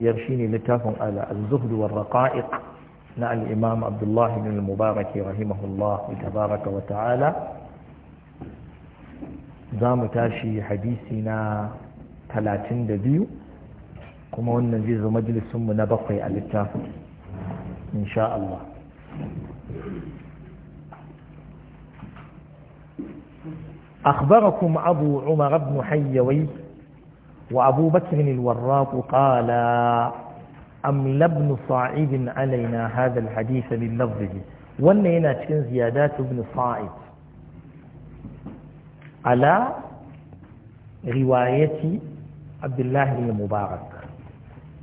يرشيني لتافهم على الزهد والرقائق نع الإمام عبد الله بن المبارك رحمه الله تبارك وتعالى زام تاشي حديثنا دبيو كما أن نجيز مجلس من بقي على إن شاء الله أخبركم أبو عمر بن حيوي وأبو بكر الوراق قال أم لابن صاعد علينا هذا الحديث من لفظه ولينا تكن زيادات ابن صاعد على رواية عبد الله بن المبارك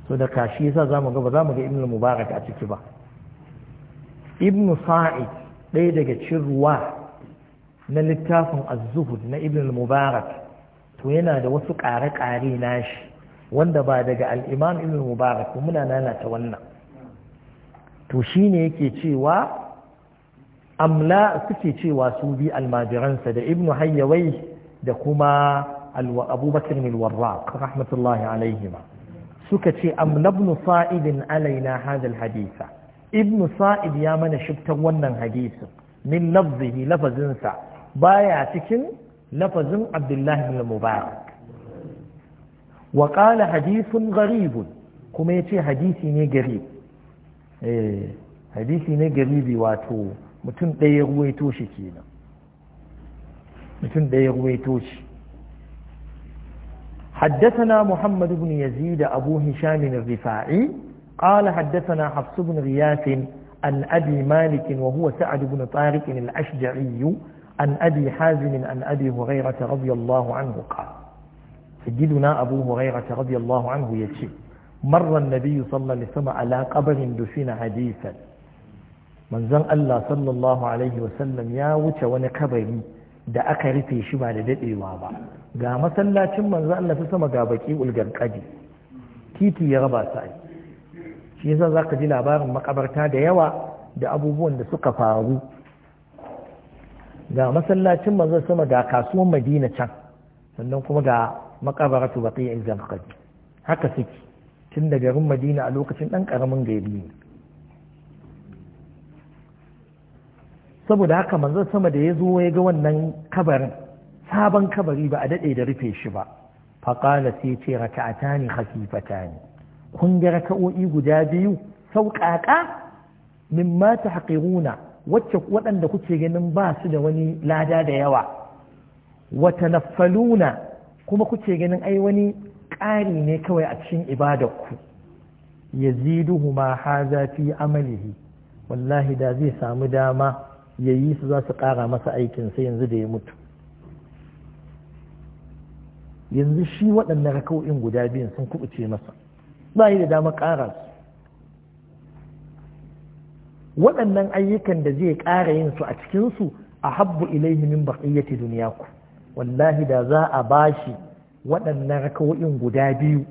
صدق شيسا زام قبل زام ابن المبارك أتكبا ابن صاعد ليدك تشروا نلتافن الزهد ابن المبارك to yana da wasu ƙare-ƙare nashi wanda ba daga al'imam ibn mubarak muna nanata wannan to shi ne yake cewa amla suke cewa su bi almajiransa da ibn hayyawai da kuma abubakar milwarraq rahmatullahi alaihima suka ce Amlabnu sa'idin alaina hadal hadisa ibn sa'id ya mana shiftar wannan hadisin min lafzihi lafazinsa baya cikin لفظ عبد الله بن المبارك وقال حديث غريب كما يتي حديثي ني غريب إيه حديثي ني غريب واتو متن داي رويتو شي كينا متن داي رويتو شي حدثنا محمد بن يزيد أبو هشام الرفاعي قال حدثنا حفص بن غياث عن أبي مالك وهو سعد بن طارق الأشجعي عن أبي حازم عن أبي هريرة رضي الله عنه قال سيدنا أبو هريرة رضي الله عنه يشي مر النبي صلى الله عليه وسلم على قبر دفن حديثا من زن الله صلى الله عليه وسلم يا وجه وانا قبري da aka rufe shi ba da dadewa ba ga masallacin manzo Allah ta sama ga baki ulgar titi ya raba su shi yasa zaka ji labarin makabarta da yawa da abubuwan da suka faru ga masallacin manzon sama ga kasuwan madina can sannan kuma ga makabaratu baqi'i zamqadi haka suke tun da garin madina a lokacin ɗan ƙaramin gari ne saboda haka manzon sama da ya zo ya ga wannan kabarin sabon kabari ba a daɗe da rufe shi ba faƙala sai ce raka'ata ne ne kun ga raka'o'i guda biyu sauƙaƙa min ma haƙiruna wacce waɗanda kuke ganin ba su da wani lada da yawa wata nafaluna kuma kuke ganin ai wani ƙari ne kawai a cikin ibadarku ya ziduhu ma haza fi amalihi wallahi da zai samu dama ya yi su za su ƙara masa aikin aikinsa yanzu da ya mutu yanzu shi waɗannan raka'o'in guda biyun sun kubuce masa ba yi da dama ƙara su waɗannan ayyukan da zai ƙara yin su a cikinsu a habbu ilaihi min baqiyyati duniyaku wallahi da za a bashi waɗannan rakawo'in guda biyu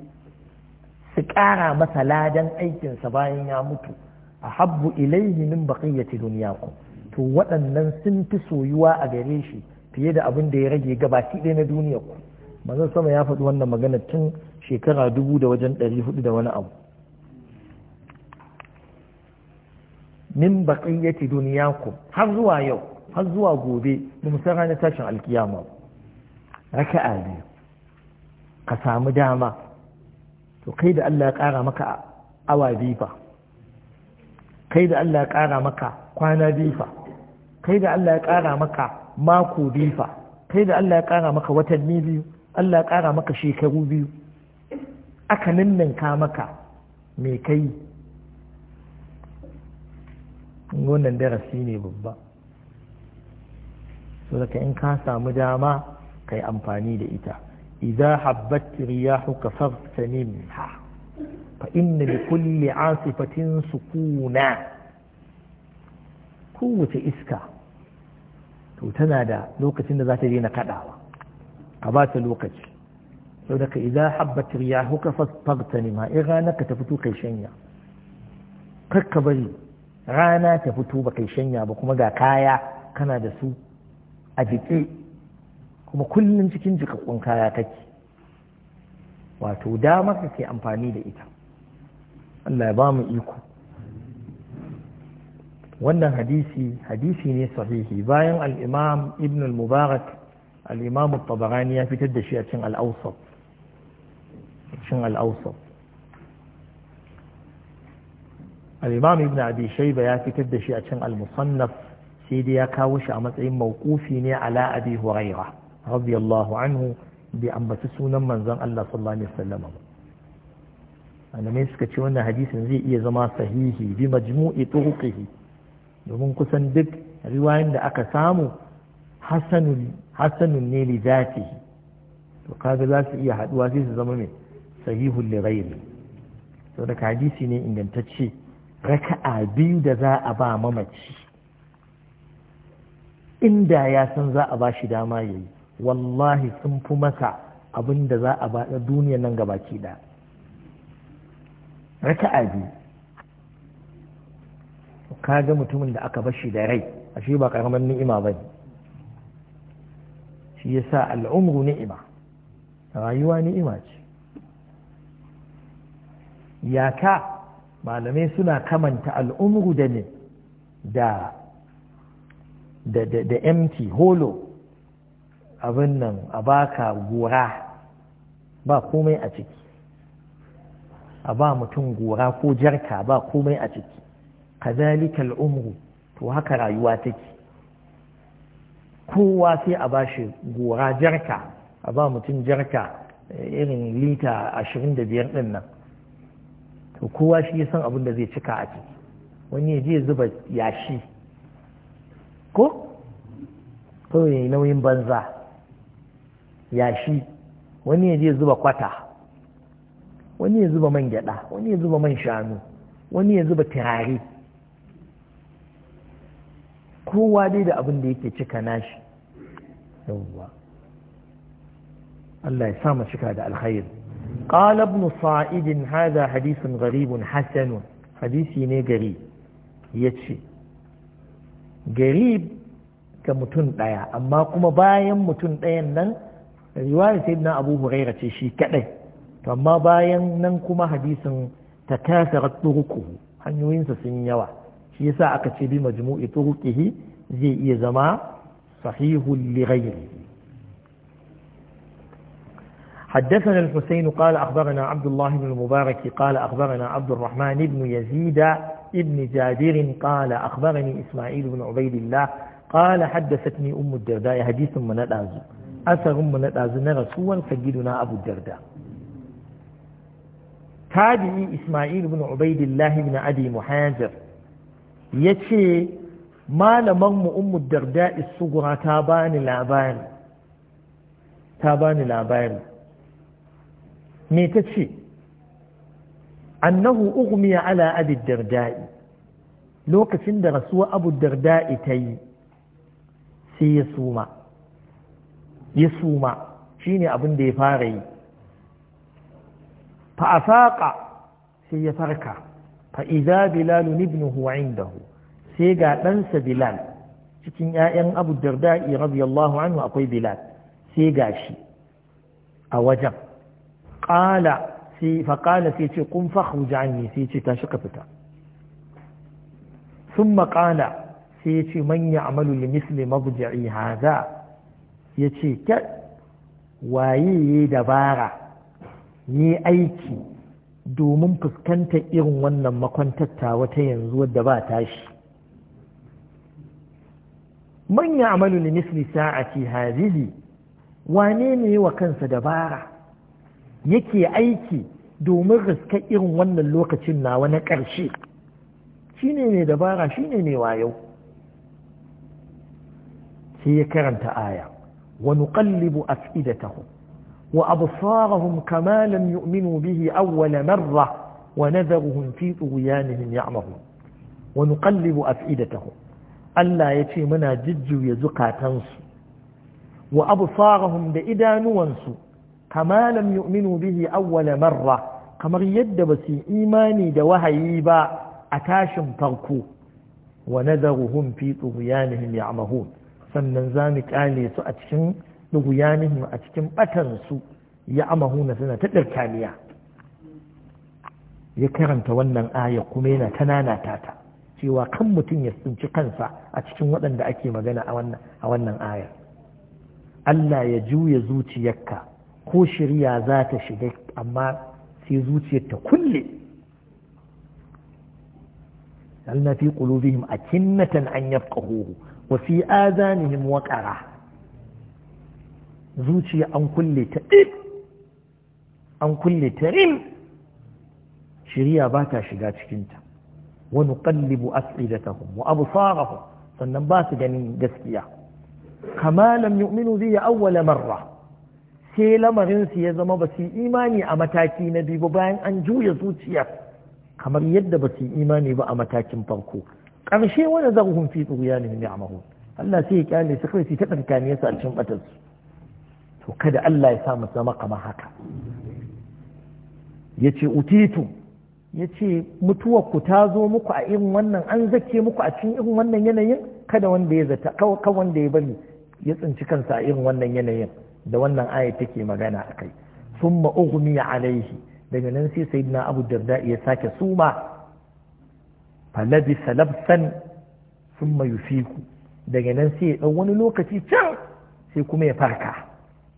su ƙara masa ladan aikinsa bayan ya mutu a habbu ilaihi min baqiyyati duniyaku to waɗannan sun fi soyuwa a gare shi fiye da abin da ya rage gabaki ɗaya na duniya ku manzon sama ya faɗi wannan magana tun shekara dubu da wajen ɗari hudu da wani abu min duniya dunyakum har zuwa yau har zuwa gobe ba mu san ranar tashin alkiyama raka'a biyu ka samu dama to kai da Allah ya ƙara maka awa bifa kai da Allah ya ƙara maka kwana bifa kai da Allah ya ƙara maka mako bifa kai da Allah ya ƙara maka watanni biyu Allah ya ƙara maka shekaru biyu aka ninninka maka me kai wannan darasi ne babba so daga in ka samu dama ka yi amfani da ita idza habbat riyahuka faghta minha fa inna li kulli asifatin sukuna kowace iska to tana da lokacin da za ta daina kadawa a ba ta lokaci So daga idza habbat riyahuka faghta minha in ranar ka ta fito kai shanya kar ka bari rana ta fito ba kai shanya ba kuma ga kaya kana da su a jiki kuma kullum cikin jikakkun kaya kake wato dama ke amfani da ita Allah ya ba mu iko wannan hadisi hadisi ne sahihi bayan al ibn al-mubarak al al-tabarani ya fitar da shi a cin al alimami ibn abi ya fitar da shi a cin al-musannaf sai dai ya kawo shi a matsayin mawqufi ne ala abi huraira radiyallahu anhu bai ambaci sunan manzon Allah sallallahu alaihi wasallam malamai suka ce wannan hadisin zai iya zama sahihi bi majmu'i turqihi domin kusan duk riwayoyin da aka samu hasanun hasanun ne li zatihi to kaga za su iya haduwa sai su zama mai sahihul li ghairi saboda hadisi ne ingantacce raka'a biyu da za a ba mamaci inda ya san za a ba shi dama yayi wallahi sun fi masa abin da za a ba na duniyan nan gabaki da raka'a biyu to ga mutumin da aka bashi da rai ashe ba karamin ni'ima ba ne shi yasa al'umru ni'ima rayuwa ni'ima ce ya ka malamai suna kamanta al'umru da ne da da empty holo abin nan a baka gora ba komai a ciki a ba mutum gora ko jarka ba komai a ciki kazalika al'umru to haka rayuwa take kowa sai a ba shi gora jarka a ba mutum jarka eh, irin lita ashirin da biyar ɗin nan to kowa shi ya san abin da zai cika a ciki wani ya je zuba yashi ko Ko ya yi nauyin banza yashi wani ya je zuba kwata wani ya zuba man gyada wani ya zuba man shanu wani ya zuba tirare. kowa dai da abin da yake cika nashi yawwa Allah ya sa mu cika da alkhairi قال ابن صائد hadisin حديث غريب hadisi ne gari yace garib ga mutum ɗaya amma kuma bayan mutum ɗayan nan riwayar sai na abu huraira ce shi kaɗai to amma bayan nan kuma hadisin ta kasarar turukuhu hanyoyinsa sun yawa shi yasa aka ce bi majmu'i turukihi zai iya zama sahihul li حدثنا الحسين قال أخبرنا عبد الله بن المبارك قال أخبرنا عبد الرحمن بن يزيد بن جابر قال أخبرني إسماعيل بن عبيد الله قال حدثتني أم الدرداء حديث من الأعزو أثر من الأعزو نرسوا سجدنا أبو الدرداء تابعي إسماعيل بن عبيد الله بن أبي محاجر يتشي ما لمرم أم الدرداء الصغرى تابان العبان تابان العبان me ta ce annahu ughmiya ala abi darda'i lokacin da rasuwa abu darda'i ta yi sai ya suma ya suma shine abin da ya fara yi fa afaqa sai ya farka fa idza bilal ibnuhu indahu sai ga ɗansa bilal cikin ‘ya'yan abu darda'i radiyallahu anhu akwai bilal sai ga shi a wajen qala sai fa qala sai ce fa khuj anni sai ce tashi ka fita thumma qala sai ya ce man ya'malu li misli mabji'i hadha ya ce ka waye ya dabara yi aiki domin fuskantar irin wannan makwantatta wata yanzu wadda ba tashi man ya'malu li misli sa'ati hadhihi wane ne wa kansa dabara yake aiki domin riskar irin wannan lokacin na wani ƙarshe shi ne mai dabara shi ne mai wayo sai ya karanta aya wa nuqallibu af'idatahum wa absarahum kama lam yu'minu bihi awwala marra wa nadharuhum fi tughyanihim ya'mahun wa nuqallibu af'idatahum Allah ya ce muna jujjuya zukatansu wa absarahum da idanuwansu kama lam yu'minu bihi awwala marra kamar yadda ba su imani da wahayi ba a tashin farko wa nadaruhum fi tughyanihim ya'mahun sannan za mu su a cikin tughyanihim a cikin batan su ya'mahuna suna ta dirkaniya ya karanta wannan aya kuma yana tanana tata cewa kan mutum ya tsinci kansa a cikin waɗanda ake magana a wannan ayar Allah ya juya zuciyarka ko shirya za ta shiga amma sai zuciyar ta kulle alna fi a akinnatan an yafqahuhu wa fi adanihim waƙara. zuciya an kulle ta an kulle ta rim shirya ba ta shiga cikinta wa nuqallibu as'idatahum wa absarahum sannan ba su ganin gaskiya kama lam yu'minu bi awwala marra sai lamarinsu ya zama ba su imani a mataki na biyu ba bayan an juya zuciya kamar yadda ba su imani ba a matakin farko ƙarshe wani zarhun fi tsuguyanin ne a Allah sai ya kyale su kai su ta tsakaniyarsu a cikin su to kada Allah ya sa mu zama kamar haka ya ce utitu ya ce mutuwar ku ta zo muku a irin wannan an zake muku a cikin irin wannan yanayin kada wanda ya zata kawai wanda ya bari ya tsinci kansa a irin wannan yanayin da wannan aya take magana a kai sun ma'ugumi alaihi daga nan sai sai na abu darda ya sake suma falabi salabsan sun ma yufiku daga nan sai ya wani lokaci can sai kuma ya farka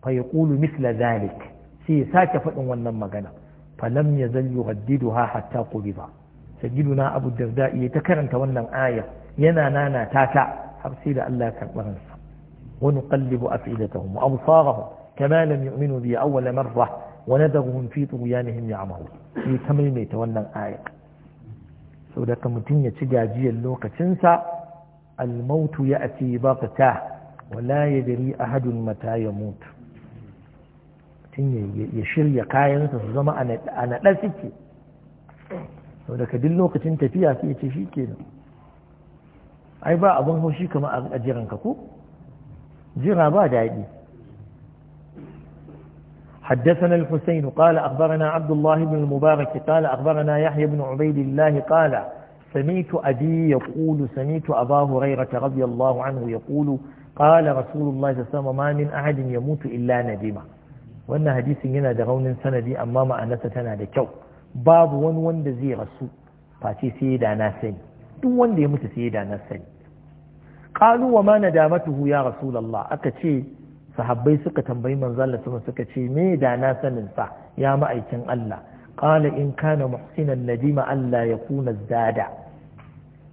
fa ya kulu misla zalik sai ya sake faɗin wannan magana falam ya zan yuhaddidu ha hatta ba na abu darda ya ta karanta wannan ayar yana nana tata har sai da Allah ya ونقلب أفئدتهم وأبصارهم كما لم يؤمنوا به أول مرة ونذرهم في طغيانهم يعمهون في كمل ميت ونن آية سودة كمتين يتجاجي اللوكة تنسى الموت يأتي بغتاه ولا يدري أحد متى يموت ya shirya kayansa su zama a naɗa suke sau daga duk lokacin tafiya sai ya ce shi ke ai ba abin haushi kama a jiranka ko جرى بعد عيدي حدثنا الحسين قال أخبرنا عبد الله بن المبارك قال أخبرنا يحيى بن عبيد الله قال سمعت أبي يقول سمعت أبا هريرة رضي الله عنه يقول قال رسول الله صلى الله عليه وسلم ما من أحد يموت إلا ندمه wannan hadisin yana da raunin sanadi amma ma'anarsa tana da kyau babu wani wanda zai rasu face sai da na sani duk wanda ya mutu sai da na sani qalu wa ma nadamatuhu ya rasulallah, aka ce sahabbai suka tambayi manzo sama suka ce me da na sanin sa ya ma'aikin Allah qala in kana muhsinan nadima Allah kuna zada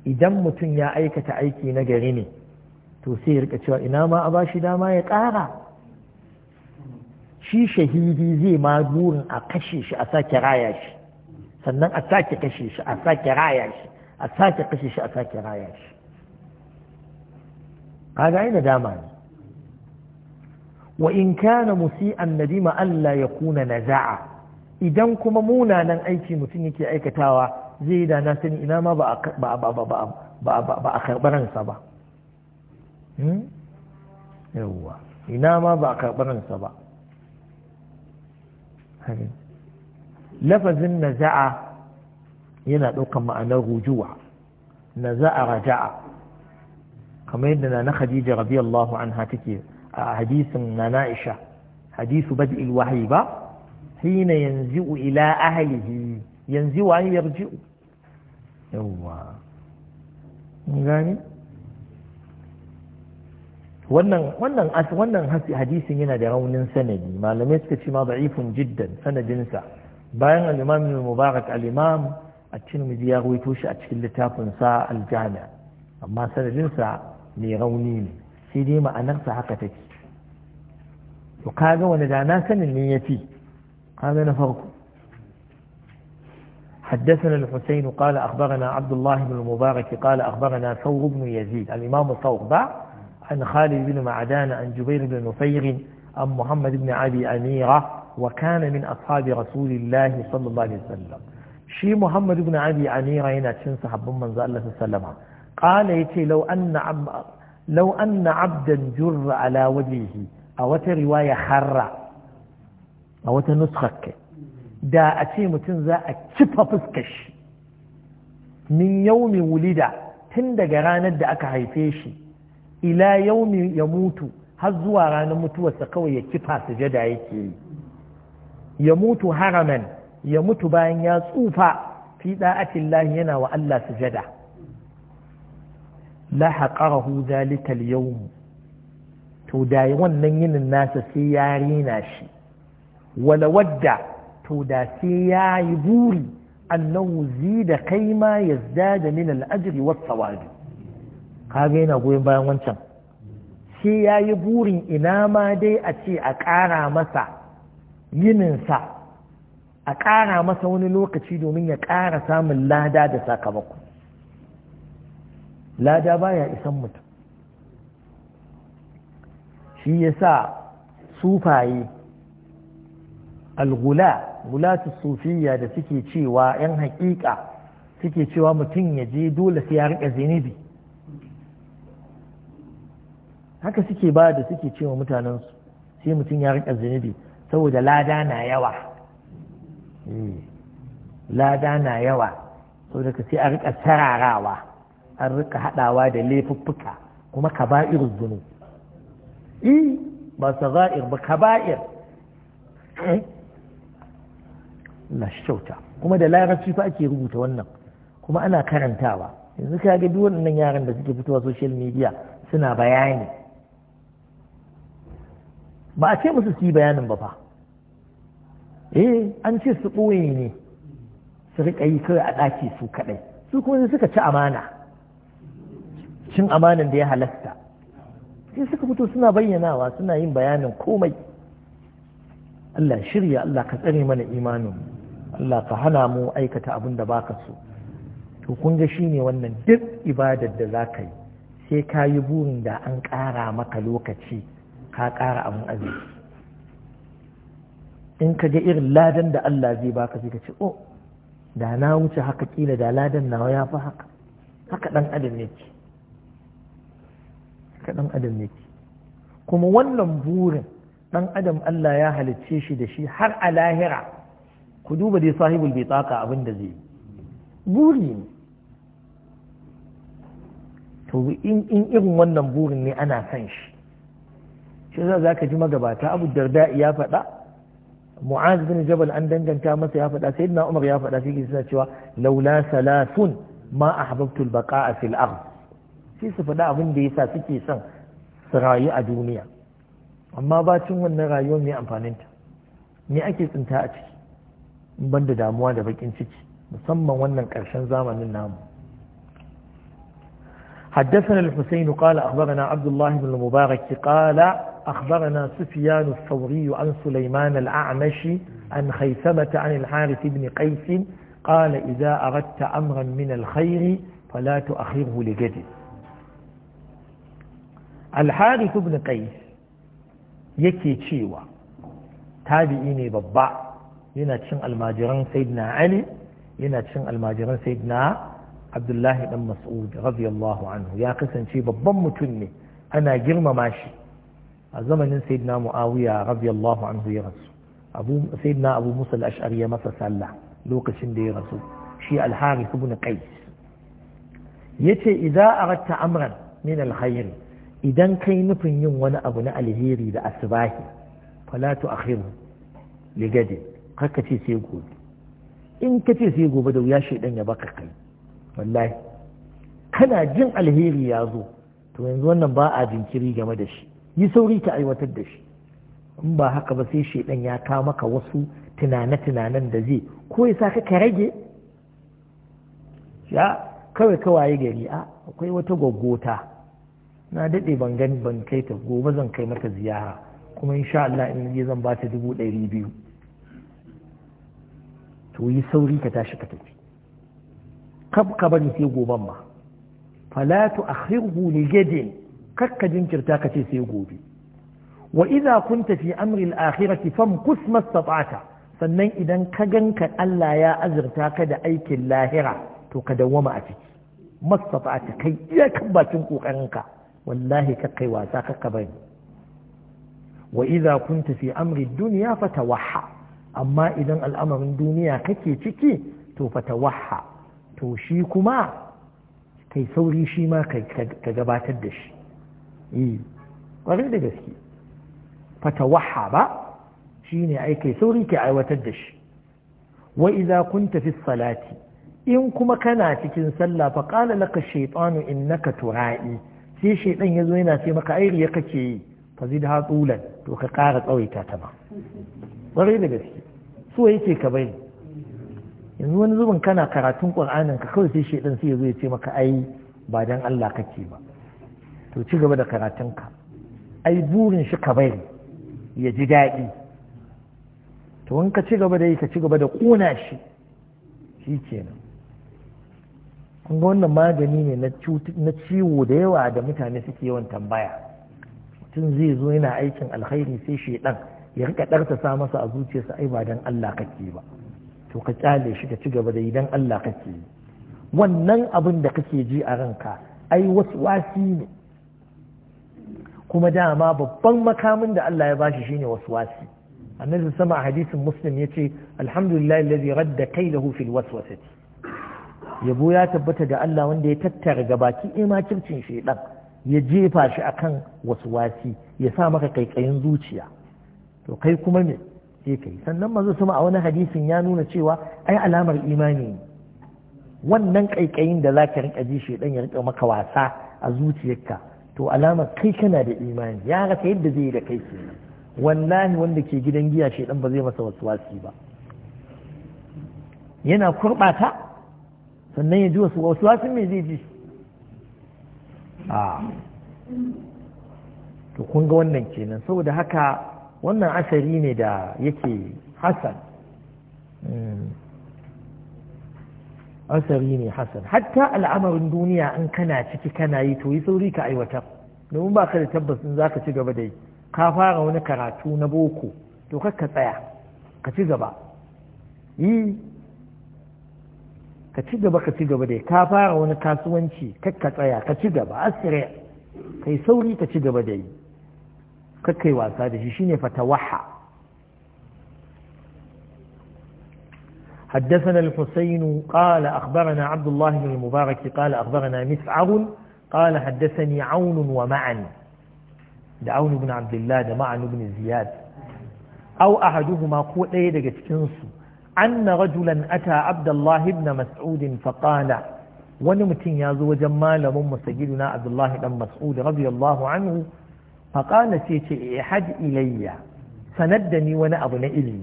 idan mutum ya aikata aiki na gari ne to sai ya rika cewa ina ma a bashi dama ya ƙara shi shahidi zai ma burin a kashe shi a sake raya shi sannan a sake kashe shi a sake raya shi a sake kashe shi a sake raya shi kaga yana dama ne wa in kana musi'an nadima Allah ya kuna naza'a idan kuma munanan aiki mutum yake aikatawa zai yi da na sani ina ma ba a karɓaransa ba hmm? yawwa ina ma ba a karɓaransa ba lafazin naza'a yana ɗaukan ma'anar rujuwa naza'a raja'a kamar yadda nana khadija radiyallahu anha take a hadisin na Naisha hadisu bad'il wahyi ba hina yanzu ila ahlihi yanzu wa yarji'u yawwa gani wannan wannan wannan hadisin yana da raunin sanadi malamai suka ce ma da'ifun jiddan sanadinsa bayan al-imam mubarak al-imam a cikin ya rawaito shi a cikin littafin sa al-jami' amma sanadinsa mai rauni ne sai dai ma'anarsa haka take to kaga wani da na sanin ne yafi kaga na farko حدثنا الحسين قال أخبرنا عبد الله بن المبارك قال أخبرنا ثور بن يزيد الإمام ثور باع عن خالد بن معدان عن جبير بن نفير عن محمد بن أبي أميرة وكان من أصحاب رسول الله صلى الله عليه وسلم شي محمد بن أبي أميرة هنا تشن صحب من صلى الله عليه وسلم qala yace law anna abba law abdan jurra ala wajhihi a wata riwaya harra a wata nuskar da a ce mutum za a kifa fuskar shi min yaumi wulida tun daga ranar da aka haife shi ila yaumi ya mutu har zuwa ranar mutuwarsa kawai ya kifa sujada yake yi ya mutu haraman ya mutu bayan ya tsufa fi da'atin yana wa Allah sujada la haƙarahu zalikal yawm to da wannan yinin nasa sai ya rena shi wala wadda to da sai ya yi buri annahu zida kai ma yazdada min al-ajri was Ka kaga yana goyon bayan wancan sai ya yi burin ina ma dai a ce a ƙara masa yininsa a ƙara masa wani lokaci domin ya ƙara samun lada da sakamako lada baya isan mutum shi yasa sufaye algula gulatu sufiya da suke cewa yan haƙiƙa suke cewa mutum ya je dole sai ya rika zinibi haka suke ba da suke cewa mutanen su sai mutum ya rika zinibi saboda lada na yawa eh, lada na yawa saboda ka sai a rika tararawa an rika haɗawa da laifuffuka kuma kaba'ir zunu i ba za'ir ba kaba'ir na eh? shauta kuma da larabci fa ake rubuta wannan kuma ana karantawa yanzu ka ga duk waɗannan yaran da suke fitowa social media suna bayani ba a ce musu su yi bayanin ba fa eh an ce su ɓoye ne su riƙa yi kawai a ɗaki su kaɗai su kuma suka ci amana cin amanan da ya halasta sai suka fito suna bayyanawa suna yin bayanin komai Allah shirya Allah ka tsare mana imanin Allah ka hana mu aikata abin da baka so to kun ga shine wannan duk ibadar da za ka yi sai ka yi burin da an ƙara maka lokaci ka ƙara abin arziki in ka ga irin ladan da Allah zai baka sai ka ce oh da na wuce haka kila da ladan nawa ya fi haka haka dan adam yake haka ɗan adam yake kuma wannan burin ɗan adam Allah ya halicce shi da shi har a lahira ku duba dai sahibul bai tsaka abin da zai buri ne to in irin wannan burin ne ana san shi shi za ka ji magabata abu darda ya faɗa mu'az bin jabal an danganta masa ya faɗa sayyidina umar ya faɗa sai suna cewa laula salasun ma ahbabtu al-baqa'a fil ardh Shi su faɗa abin da ya sa suke son su rayu a duniya amma bacin wannan rayuwar mai amfaninta me ake tsinta a ciki ban da damuwa da bakin ciki musamman wannan ƙarshen zamanin namu حدثنا الحسين قال أخبرنا عبد الله بن المبارك قال أخبرنا سفيان الثوري عن سليمان الأعمش عن خيثمة عن الحارث بن قيس قال إذا أردت أمرا من الخير فلا تؤخره لجدد alharith ibn qais yake cewa tabi'i ne babba yana cin almajiran sayyidina ali yana cin almajiran sayyidina abdullahi dan mas'ud radiyallahu anhu ya kasance babban mutum ne ana girmama shi a zamanin sayyidina muawiya radiyallahu anhu ya rasu abu abu musa al-ash'ari ya masa sallah lokacin da ya rasu shi al-harith ibn qais yace idza aratta amran min al idan kai nufin yin wani abu na alheri da asbahi Falatu akhiru ligadi haka ce sai gobe in ka ce sai gobe da wuya shaidan ya baka kai wallahi kana jin alheri ya zo to yanzu wannan ba a jinkiri game da shi yi sauri ka aiwatar da shi in ba haka ba sai shaidan ya kawo maka wasu tunane-tunanen da zai ko ya sa ka rage ya kawai ka waye gari a akwai wata gwaggota na daɗe ban gani ban kai ta gobe zan kai mata ziyara kuma sha Allah in je zan ba ta dubu ɗari biyu to yi sauri ka tashi ka tafi kab ka bari sai goben ma Falatu akhirhu li gadin kakka jinkirta ka ce sai gobe wa idza kunta fi amri al-akhirati famkus mastata'ta sannan idan ka ganka Allah ya azurta ka da aikin lahira to ka dawwama a ciki mastata'ta kai iya kan bakin kokarinka wallahi kakai wasa kakka bari wa idza kunta fi amri dunya fatawahha amma idan al'amarin duniya kake ciki to fatawahha to shi kuma kai sauri shi ma ka gabatar da shi eh da gaske fatawahha ba shine ai kai sauri ke aiwatar da shi wa idza kunta fi salati in kuma kana cikin sallah fa qala laka shaytanu innaka tura'i sai ɗan ya zo yana ce maka airi ya kake yi fa zid ha tsulan to ka ƙara tsawaita ta ba ƙwarai da gaske so yake ka bari yanzu wani zubin kana karatun ƙur'anin ka kawai sai shaidan sai ya zo ya ce maka ai ba dan Allah kake ba to ci gaba da karatunka ai burin shi ka bari ya ji daɗi to in ka ci gaba da yi ka ci gaba da ƙona shi shi kenan kun wannan magani ne na ciwo da yawa da mutane suke yawan tambaya mutum zai zo yana aikin alkhairi sai shaidan ya rika sa masa a zuciyarsa ai ba dan Allah kake ba to ka kyale shi ka ci gaba da idan Allah kake yi wannan abin da kake ji a ranka ai wasu wasi ne kuma dama babban makamin da Allah ya bashi shine wasu wasi annabi sama a hadisin muslim yace alhamdulillah alladhi radda kaidahu fil waswasati yabo ya tabbata da Allah wanda ya tattara gabaki ima kircin shaidan ya jefa shi akan wasu wasi ya sa maka kaikayin zuciya to kai kuma me sai kai sannan manzo sama a wani hadisin ya nuna cewa ai alamar imani ne wannan kaikayin da zaka rika ji shaidan ya rika maka wasa a zuciyarka to alamar kai kana da imani ya rasa yadda zai yi da kai kenan wallahi wanda ke gidan giya shaidan ba zai masa wasu wasi ba yana kurɓata sannan ya ji wasu wasu wasu mai zai ji a to kun ga wannan kenan saboda haka wannan asari ne da yake hasan hmm. asari ne hasan hatta al'amarin duniya in kana ciki kana yi to yi sauri ka aiwatar domin ba ka da tabbas in za ka ci gaba da yi ka fara wani karatu na boko to ka tsaya ka ci gaba yi ka ci gaba ka ci gaba dai ka fara wani kasuwanci ka tsaya ka ci gaba asire kai حدثنا الحسين قال أخبرنا عبد الله بن المبارك قال أخبرنا مسعر قال حدثني عون ومعن دعون بن عبد الله دمعن بن زياد أو أحدهما قوة أيدك تنسو أن رجلا أتى عبد الله بن مسعود فقال ونمتن يازو جمال من مسجدنا عبد الله بن مسعود رضي الله عنه فقال سيتي إحد إلي سندني وأنا أظن إلي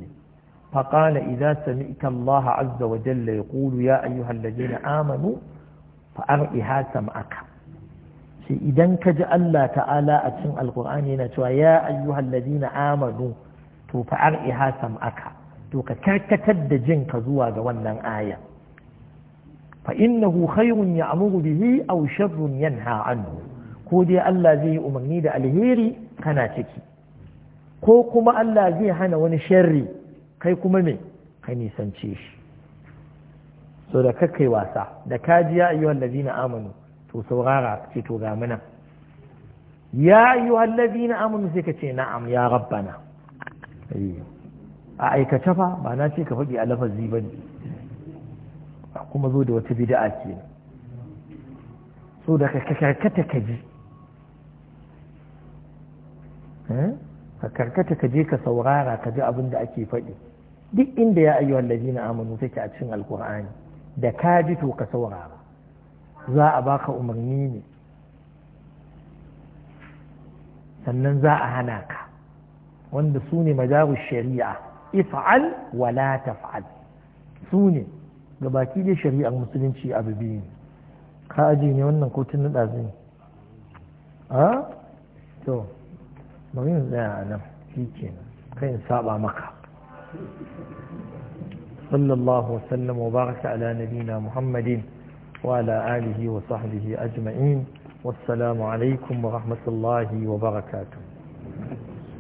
فقال إذا سمعت الله عز وجل يقول يا أيها الذين آمنوا فأرئها سمعك إذا كجأ الله تعالى أتم القرآن يا أيها الذين آمنوا فأرئها سمعك to ka karkatar da jin ka zuwa ga wannan aya fa innahu khairun ya'muru bihi aw sharrun yanha anhu ko dai Allah zai yi umarni da alheri kana ciki ko kuma Allah zai hana wani sharri kai kuma me ka nisance shi so da kakai wasa da kajiya ayyuhal ladina amanu to saurara ce to ga muna ya ayyuhal ladina amanu sai ka ce na'am ya rabbana a aikace fa ba na ce ka faɗi a lafazi ba ne a kuma zo da wata bida'a ke so da ka karkata ka ji eh? ka karkata ka je ka saurara ka ji abin da ake faɗi duk inda ya ayyuhal na amanu take a cikin alkur'ani da ka ji to ka saurara za a baka umarni ne sannan za a hana ka wanda su ne majaru shari'a if'al wa la taf'al su ne ga baki da shari'ar musulunci abu biyu ka aji ne wannan kotun na ɗazu a to bari tsaya a nan shi ke kai in saba maka sallallahu wasallam wa baraka ala nabina muhammadin wa ala alihi wa sahbihi ajma'in wassalamu alaikum wa rahmatullahi wa barakatuh